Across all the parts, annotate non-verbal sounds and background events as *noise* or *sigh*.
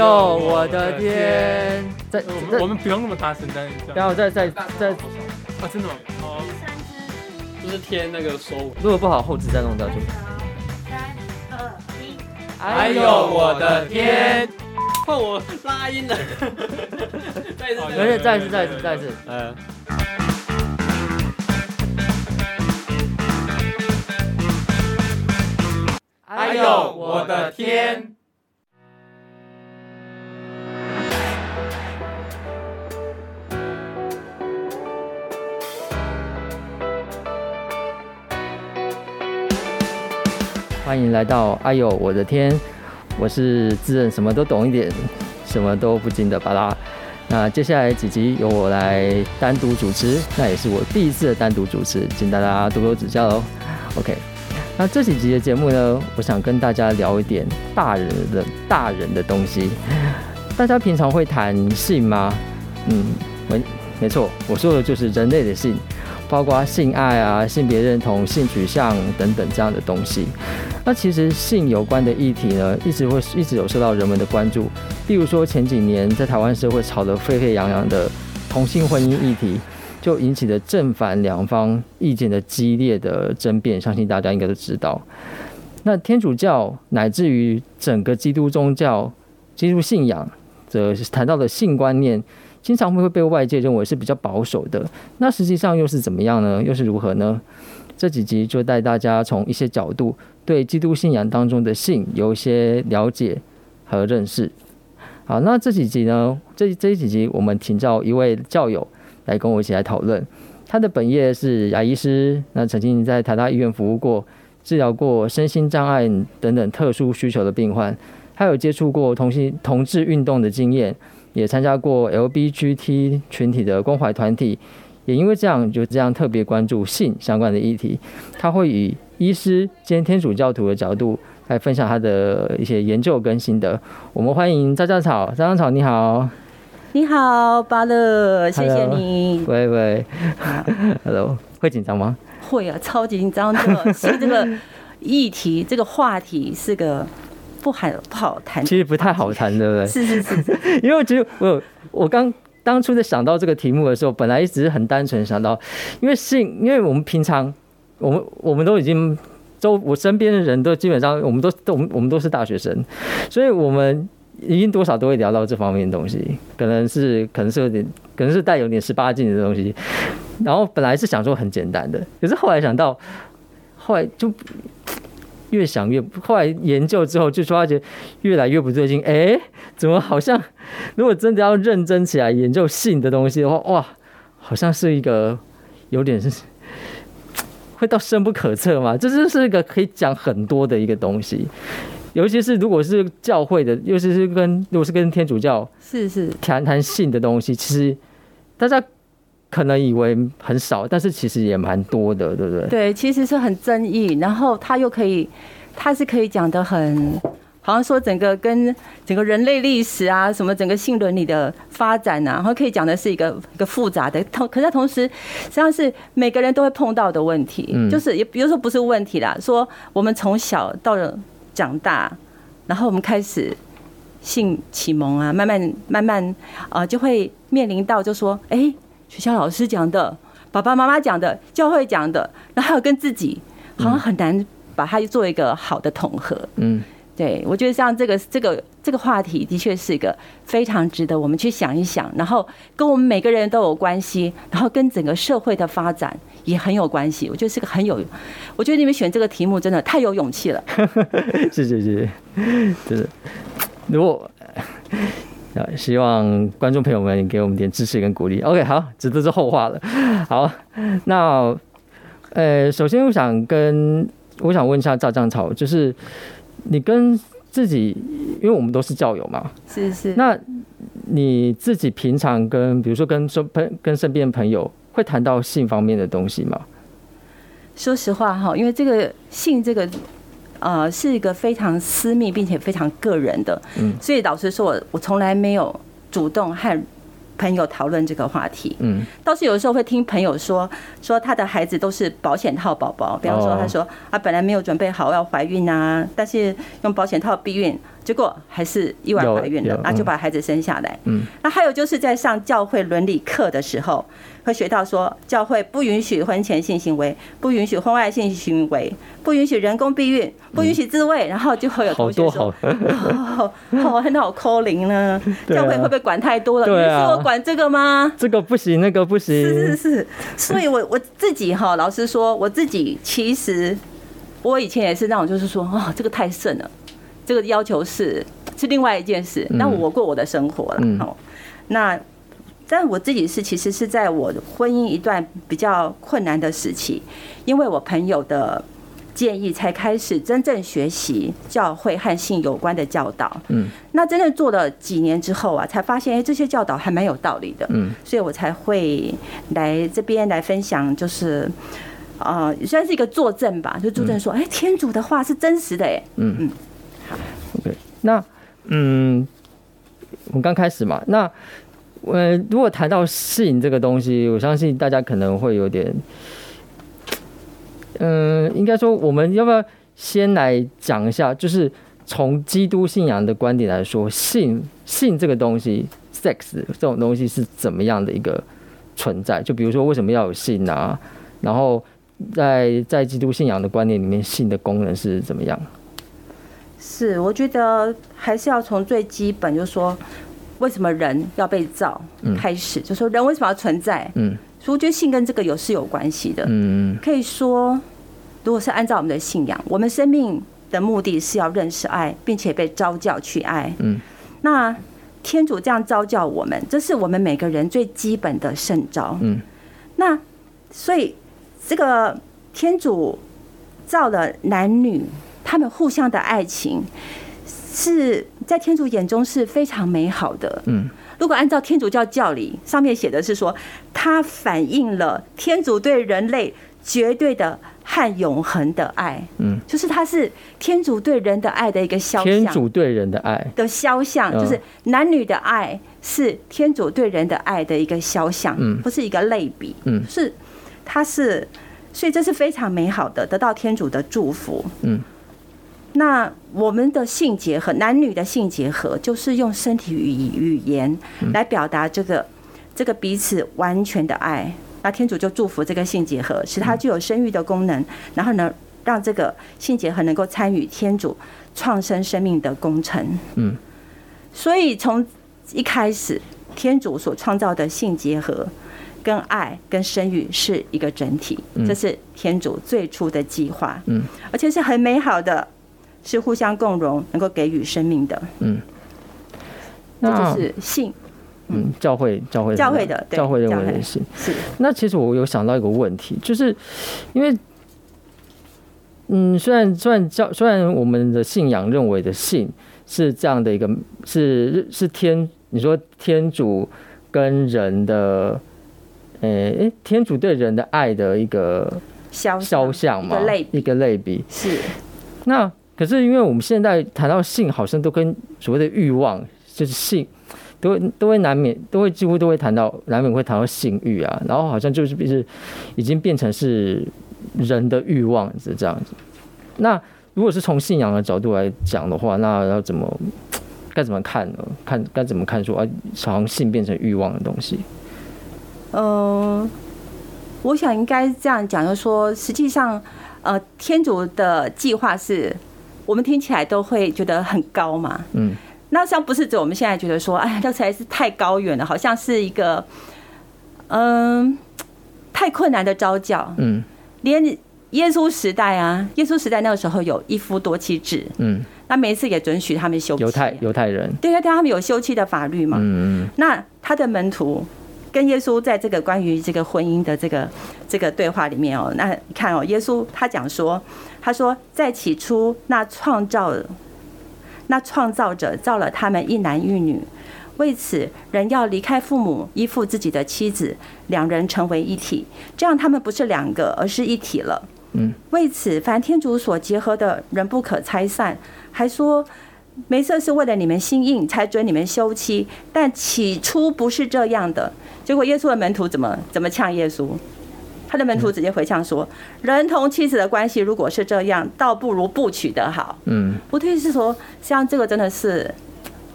哎呦，我的天！在我們不用那麼大聲，再再再再再，啊，真的嗎？就是天那個手，如果不好，後製再弄掉就好。三二一，哎呦，我的天！換我拉音了，哈哈，再一次，再一次，再一次，再一次，哎呦，我的天！歡迎來到唉唷我的天！我是自認什麼都懂一點，什麼都不精的芭樂。那接下來幾集由我來單獨主持，那也是我第一次的單獨主持，請大家多多指教哦。OK，那這幾集的節目呢，我想跟大家聊一點大人的大人的東西。大家平常會談性嗎？嗯，沒沒錯，我說的就是人類的性。包括性愛啊、性別認同、性取向等等這樣的東西。那其實性有關的議題呢，一直會一直有受到人們的關注。例如說前幾年在台灣社會吵得沸沸揚揚的同性婚姻議題，就引起了正反兩方意見的激烈的爭辯。相信大家應該都知道，那天主教乃至於整個基督宗教、基督信仰，則談到的性觀念，經常會被外界認為是比較保守的，那實際上又是怎麼樣呢？又是如何呢？這幾集就帶大家從一些角度對基督信仰當中的性有一些了解和認識。好，那這幾集呢，這這幾集我們請到一位教友來跟我一起來討論。他的本業是牙醫師，那曾經在台大醫院服務過，治療過身心障礙等等特殊需求的病患。他有接觸過同性同志運動的經驗。也參加過 LGBT 群體的關懷團體，也因為這樣，就這樣特別關注性相關的議題。他會以醫師兼天主教徒的角度來分享他的一些研究跟心得。我們歡迎酢醬草。酢醬草你好。你好芭樂，Hello, 謝謝你。喂喂，Hello，會緊張嗎？會啊，超緊張，這個是這個議題，這個話題是個。不，還不好談，其實不太好談，對不對？ *laughs* 是是是，是，因為其實我我剛當初在想到這個題目的時候，本來只是很單純想到，因為性，因為我們平常我們我們都已經就我身邊的人都基本上我們都都我們我們都是大學生，所以我們已經多少都會聊到這方面的東西，可能是可能是有點可能是帶有點十八禁的東西，然後本來是想說很簡單的，可是後來想到後來就。越想越，後來研究之後，就說發覺越來越不對勁。哎、欸，怎麼好像如果真的要認真起來研究性的東西的話，哇，好像是一個有點會到深不可測嘛。這就是一個可以講很多的一個東西，尤其是如果是教會的，尤其是跟如果是跟天主教是是談談性的東西，其實大家。可能以為很少，但是其實也蠻多的，對不對？對，其實是很爭議。然後他又可以，他是可以講的很，好像說整個跟整個人類歷史啊，什麼整個性倫理的發展啊，然後可以講的是一個一個複雜的。同，可是同時，實際上是每個人都會碰到的問題，嗯、就是也比如說不是問題啦，說我們從小到了長大，然後我們開始性啟蒙啊，慢慢慢慢啊，就會面臨到就說，哎。學校老師講的，爸爸媽媽講的，教會講的，然後還有跟自己，好像很難把它做一個好的統合。嗯，嗯，對，我覺得像這個這個這個話題，的確是一個非常值得我們去想一想，然後跟我們每個人都有關係，然後跟整個社會的發展也很有關係。我覺得是個很有，我覺得你們選這個題目真的太有勇氣了。 *laughs* 謝謝，謝謝。如果。希望觀眾朋友們也給我們點支持跟鼓勵。OK，好，這都是後話了。好，那呃、欸，首先我想跟我想問一下酢醬草，就是你跟自己，因為我們都是教友嘛，是是。那你自己平常跟比如說跟周朋跟身邊朋友會談到性方面的東西嗎？說實話哈，因為這個性這個。呃，是一個非常私密並且非常個人的。嗯、所以老實說，我我從來沒有主動和朋友討論這個話題。嗯，倒是有時候會聽朋友說說他的孩子都是保險套寶寶，比方說他說、哦、啊，本來沒有準備好要懷孕啊，但是用保險套避孕。結果還是意外懷孕了，那就把孩子生下來。嗯，那還有就是在上教會倫理課的時候，會學到說，教會不允許婚前性行為，不允許婚外性行為，不允許人工避孕，不允許自慰。然後就會有同學說：“好，好、哦，我我扣零呢？哦很好啊啊、教會會不會管太多了？啊、你說我管這個嗎？這個不行，那個不行。”是是是，所以我我自己哈，老實說，我自己其實 *laughs* 我以前也是那種，就是說哦，這個太甚了。這個要求是是另外一件事。那我過我的生活了。嗯，那但我自己是其實是在我婚姻一段比較困難的時期，因為我朋友的建議，才開始真正學習教會和性有關的教導。嗯。那真正做了幾年之後啊，才發現，哎，這些教導還蠻有道理的。嗯。所以我才會來這邊來分享，就是啊、呃，算是一個作證吧，就作證說，哎、嗯，天主的話是真實的，哎。嗯嗯。那，嗯，我們剛開始嘛。那，呃，如果談到性這個東西，我相信大家可能會有點，嗯、呃，應該說，我們要不要先來講一下？就是從基督信仰的觀點來說，性，性這個東西，sex 這種東西是怎麼樣的一個存在？就比如說，為什麼要有性啊？然後在，在在基督信仰的觀念裡面，性的功能是怎麼樣？是，我覺得還是要從最基本，就是說為什麼人要被造開始，嗯、就是說人為什麼要存在？嗯，所以我覺得性跟這個有是有關係的。嗯，可以說，如果是按照我們的信仰，我們生命的目的是要認識愛，並且被召叫去愛。嗯，那天主這樣召叫我們，這是我們每個人最基本的聖召。嗯，那所以這個天主造了男女。他們互相的愛情是在天主眼中是非常美好的。嗯，如果按照天主教教理上面寫的是說，它反映了天主對人類絕對的和永恆的愛。嗯，就是它是天主對人的愛的一個肖像。天主對人的愛的肖像，就是男女的愛是天主對人的愛的一個肖像，不是一個類比。嗯，是它是，所以這是非常美好的，得到天主的祝福。嗯。那我們的性結合，男女的性結合，就是用身體語語言來表達這個這個彼此完全的愛。那天主就祝福這個性結合，使它具有生育的功能，然後呢，讓這個性結合能夠參與天主創生生命的工程。嗯，所以從一開始，天主所創造的性結合跟愛跟生育是一個整體，這是天主最初的計劃。嗯，而且是很美好的。是互相共融，能夠給予生命的，嗯，那就是信，那嗯，教會，教會，教會的，教會，的教會認為的信是是。那其實我有想到一個問題，就是因為，嗯，雖然雖然教雖然我們的信仰認為的信是這樣的一個，是是天，你說天主跟人的，誒誒，天主對人的愛的一個肖肖像嘛，類一個類比，個類比是那。可是，因為我們現在談到性，好像都跟所謂的欲望，就是性，都都會難免，都會幾乎都會談到，難免會談到性欲啊。然後好像就是，就是已經變成是人的欲望是這樣子。那如果是從信仰的角度來講的話，那要怎麼該怎麼看呢？看該怎麼看說啊，從性變成欲望的東西？嗯、呃，我想應該這樣講，就說實際上，呃，天主的計劃是。我們聽起來都會覺得很高嘛，嗯，那像不是指我們現在覺得說，哎呀，這才是太高遠了，好像是一個，嗯，太困難的召叫，嗯，連耶穌時代啊，耶穌時代那個時候有一夫多妻制，嗯，那每一次也准許他們休妻，猶太、猶太人，對啊、對啊、他們有休妻的法律嘛，嗯嗯，嗯，那他的門徒。跟耶穌在這個關於這個婚姻的這個這個對話裡面哦，那你看哦，耶穌他講說，他說在起初那創造那創造者造了他們一男一女，為此人要離開父母，依附自己的妻子，兩人成為一體，這樣他們不是兩個，而是一體了。嗯，為此凡天主所結合的人不可拆散，還說。沒事，是為了你們心硬才准你們休妻，但起初不是這樣的。結果耶穌的門徒怎麼怎麼嗆耶穌？他的門徒直接回嗆說：“嗯、人同妻子的關係如果是這樣，倒不如不娶的好。”嗯，不，對，是說像這個真的是，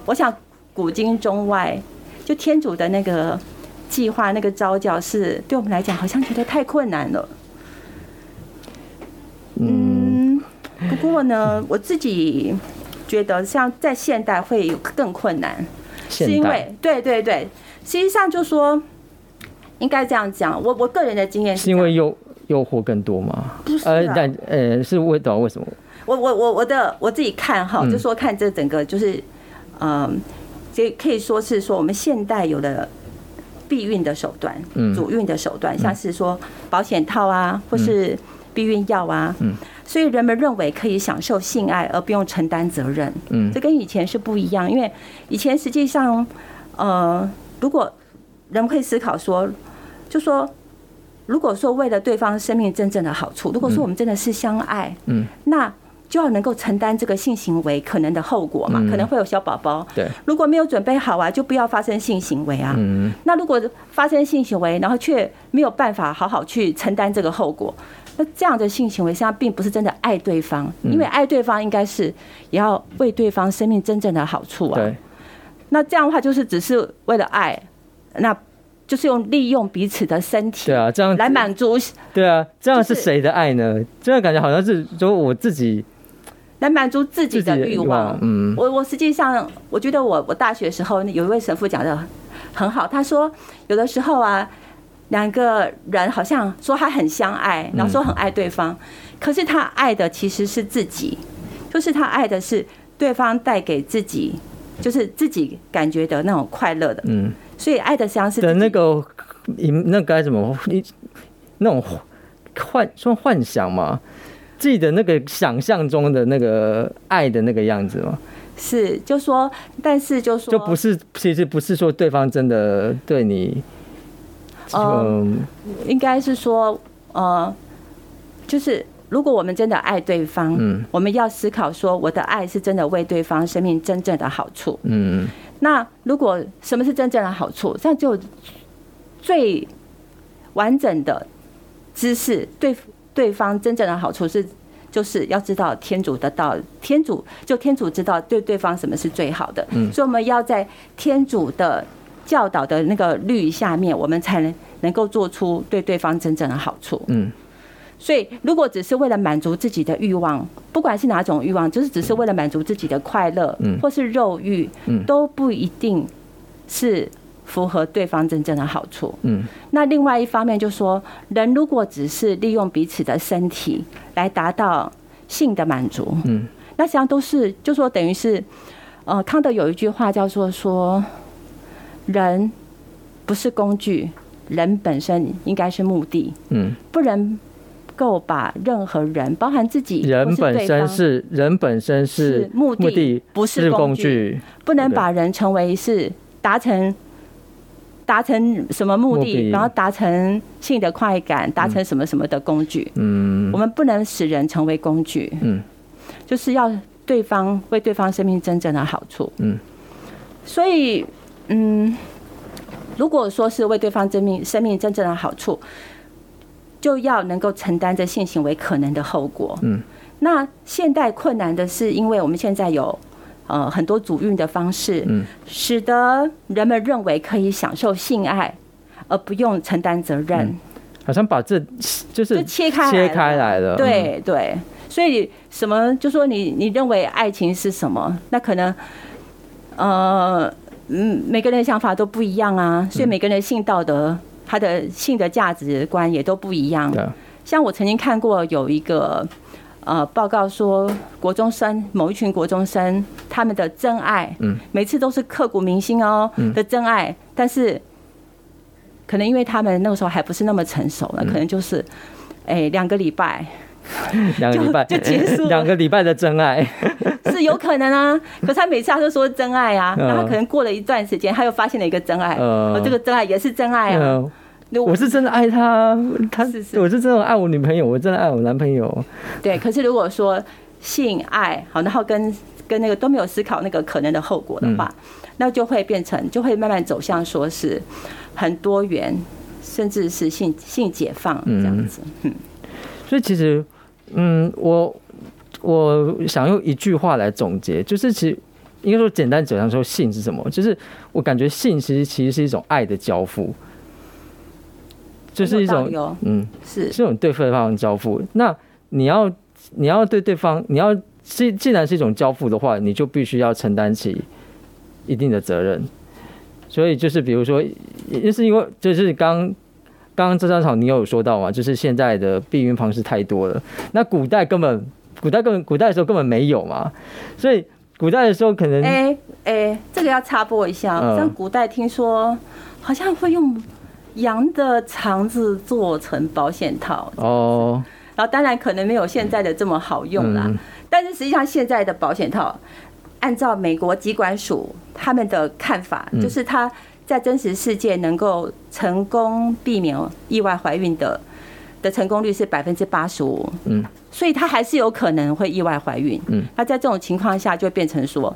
我想古今中外，就天主的那個計劃、那個召叫是，對我們來講好像覺得太困難了。嗯，嗯，不過呢，我自己。覺得像在現代會有更困難，現代、是因為對對對，實際上就說應該這樣講，我我個人的經驗是，是因為誘誘惑更多嗎？不是、呃，但呃、欸，是為、為什麼？我我我我的我自己看哈，嗯、就說看這整個就是嗯，這、呃、可以說是說我們現代有了避孕的手段、嗯、主孕的手段，像是說保險套啊，嗯、或是，避孕藥啊，嗯，所以人們認為可以享受性愛而不用承擔責任，嗯，這跟以前是不一樣。因為以前實際上，呃，如果人們會思考說，就說如果說為了對方生命真正的好處，如果說我們真的是相愛，嗯，那就要能夠承擔這個性行為可能的後果嘛，可能會有小寶寶，對，如果沒有準備好啊，就不要發生性行為啊，嗯，那如果發生性行為，然後卻沒有辦法好好去承擔這個後果。那這樣的性行為，實際上並不是真的愛對方，因為愛對方應該是也要為對方生命真正的好處啊。那這樣的話，就是只是為了愛，那就是用利用彼此的身體。對啊，這樣來滿足。對啊，這樣是誰的愛呢？這樣感覺好像是就我自己來滿足自己的欲望。嗯，我我實際上我覺得我我大學時候有一位神父講得很好，他說有的時候啊。兩個人好像說他很相愛，然後說很愛對方，嗯、可是他愛的其實是自己，就是他愛的是對方帶給自己，就是自己感覺的那種快樂的。嗯，所以愛的實際上是的那個，你那該、個、怎麼你那種幻算幻想嘛，自己的那個想象中的那個愛的那個樣子嗎？是，就說，但是就說，就不是，其實不是說對方真的對你。呃，um, 應該是說，呃、嗯，就是如果我們真的愛對方，嗯，我們要思考說，我的愛是真的為對方生命真正的好處，嗯，那如果什麼是真正的好處，那就最完整的知識對對方真正的好處是，就是要知道天主的道，天主就天主知道對對方什麼是最好的，嗯，所以我們要在天主的。教導的那個律，下面，我們才能能夠做出對對方真正的好處。嗯，所以如果只是為了滿足自己的慾望，不管是哪種慾望，就是只是為了滿足自己的快樂，嗯，或是肉慾，嗯，都不一定是符合對方真正的好處。嗯，那另外一方面就是說，人如果只是利用彼此的身體來達到性的滿足，嗯，那實際上都是就是說等於是，呃，康德有一句話叫做說，人不是工具，人本身應該是目的。嗯，不能夠把任何人，包含自己，人本身是人本身是目的，目的，不是工具。工具，不能把人成為是達成對達成什麼目的，目的，然後達成性的快感，達成什麼什麼的工具。嗯，我們不能使人成為工具。嗯，就是要對方為對方生命真正的好處。嗯，所以。嗯，如果說是為對方證明生命真正的好處，就要能夠承擔這性行為可能的後果。嗯，那現代困難的是，因為我們現在有呃很多避孕的方式，嗯，使得人們認為可以享受性愛而不用承擔責任，嗯。好像把這就是切開切開來了，對、嗯、對。所以什麼？就說你你認為愛情是什麼？那可能呃。嗯，每個人的想法都不一樣啊，所以每個人的性道德、他的性的價值觀也都不一樣。像我曾經看過有一個呃報告說，國中生某一群國中生他們的真愛，嗯，每次都是刻骨銘心哦的真愛，但是可能因為他們那個時候還不是那麼成熟了，可能就是哎兩個禮拜。兩 *laughs* 個禮拜就結束了，兩個禮拜的真愛 *laughs* 是有可能啊。可是他每次他都說真愛啊，然後可能過了一段時間，他又發現了一個真愛，哦，這個真愛也是真愛啊。我是真的愛他，他是我是真的愛我女朋友，我真的愛我男朋友。對，可是如果說性愛好，然後跟跟那個都沒有思考那個可能的後果的話，那就會變成，就會慢慢走向說是很多元，甚至是性性解放這樣子。嗯，嗯，所以其實。嗯，我我想用一句話來總結，就是其實應該說簡單講，說性是什麼？就是我感覺性其實其實是一種愛的交付，就是一種有有嗯是這種對對方的交付。那你要你要對對方，你要既既然是一種交付的話，你就必須要承擔起一定的責任。所以就是比如說，就是因為就是剛。剛剛酢醬草你有有說到嗎？就是現在的避孕方式太多了，那古代根本、古代根本、古代的時候根本沒有嘛，所以古代的時候可能……哎哎，這個要插播一下，像古代聽說、嗯、好像會用羊的腸子做成保險套是是哦，然後當然可能沒有現在的這麼好用啦，嗯、但是實際上現在的保險套，按照美國疾管署他們的看法，嗯、就是它，在真實世界能夠成功避免意外懷孕的的成功率是百分之八十五，嗯，所以他還是有可能會意外懷孕，嗯，那在這種情況下就變成說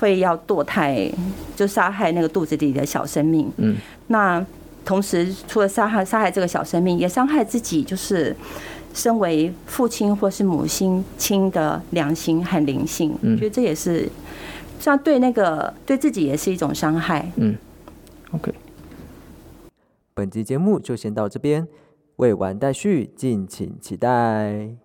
會要墮胎，就殺害那個肚子裡的小生命，嗯，那同時除了殺害殺害這個小生命，也傷害自己，就是身為父親或是母親親的良心和靈性，嗯我覺得這也是像對那個對自己也是一種傷害，嗯。OK，本集節目就先到這邊，未完待續，敬請期待。